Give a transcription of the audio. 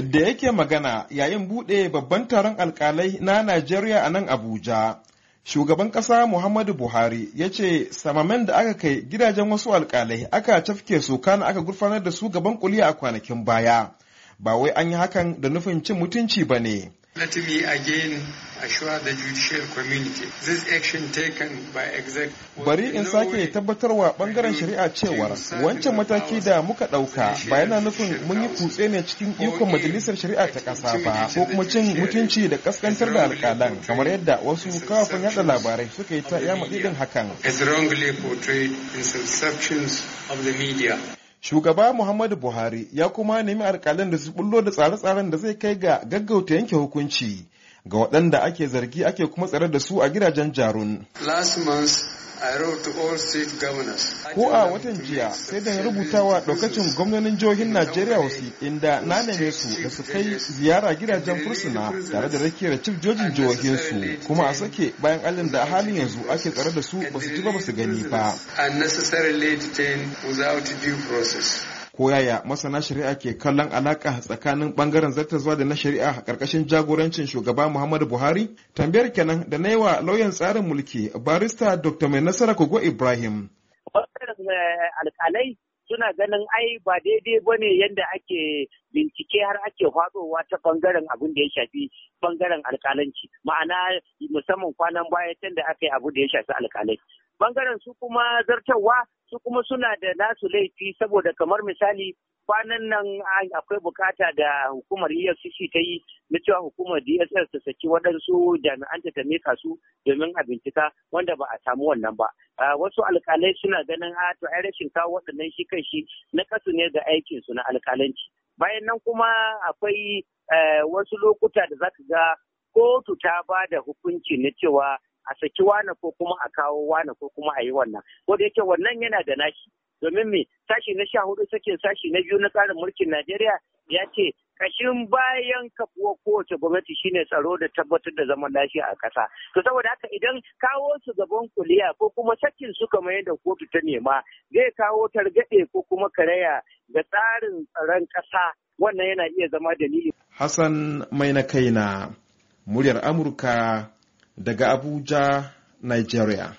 da yake magana yayin buɗe babban taron alkalai na Najeriya a nan Abuja. Shugaban ƙasa Muhammadu Buhari ya ce samamen da aka kai gidajen wasu alkalai aka cafke su kana aka gurfanar da su gaban kuliya a kwanakin baya. Ba wai an yi hakan da nufin cin mutunci ba ne. Let me again assure the judicial community this action taken by exec bari in sake tabbatarwa bangaren shari'a cewar wancan mataki da muka dauka ba yana nufin mun yi kutse ne cikin ikon majalisar shari'a ta kasa ba ko kuma cin mutunci da kaskantar da alƙalan, kamar yadda wasu kafafan yada labarai suka yi ta yama didin hakan shugaba muhammadu buhari ya kuma nemi alkalin da su bullo da tsare-tsaren da zai kai ga gaggauta yanke hukunci ga waɗanda ake zargi ake kuma tsare da su a gidajen jarun. Ko a watan jiya sai da rubutawa ɗaukacin gwamnonin jihohin Najeriya wasu inda na neme su da su kai ziyara gidajen fursuna tare da rakiyar cif jojin su, kuma a sake bayan alin da a halin yanzu ake tsare da su ba su ji ba ba su gani ba. ko yaya masana shari'a ke kallon alaka tsakanin bangaren zuwa da na shari'a a ƙarƙashin jagorancin shugaba muhammadu buhari tambayar kenan da na yi wa lauyan tsarin mulki barista dr mai nasara kogo ibrahim eh, alkalai suna ganin ai ba daidai ba ne yadda ake bincike har ake hwadowa ta bangaren abin da ya shafi bangaren alkalanci ma'ana musamman kwanan baya can da aka yi abu da ya shafi alkalai bangaren su kuma zartarwa su kuma suna da nasu laifi saboda kamar misali kwanan nan akwai bukata da hukumar efcc ta yi na cewa hukumar dss ta saki waɗansu jami'an ta ta meka su domin a bincika wanda ba a samu wannan ba wasu alkalai suna ganin a to ai rashin kawo waɗannan shi kan shi na kasu ne ga aikin su na alkalanci bayan nan kuma akwai e, wasu lokuta da zaka ga kotu ta ba da hukunci na cewa a saki wane ko kuma a kawo wane ko kuma a yi wannan ko da yake wannan yana da nashi domin me sashi na sha hudu sakin sashi na biyu na tsarin mulkin Najeriya ya ce kashin bayan kafuwa kowace gwamnati shine tsaro da tabbatar da zaman lafiya a ƙasa. To saboda haka idan kawo su gaban kuliya ko kuma sakin su mayar da kotu ta nema zai kawo targaɗe ko kuma karaya ga tsarin tsaron ƙasa wannan yana iya zama dalili. Hassan mai na kaina muryar Amurka daga Abuja, Nigeria.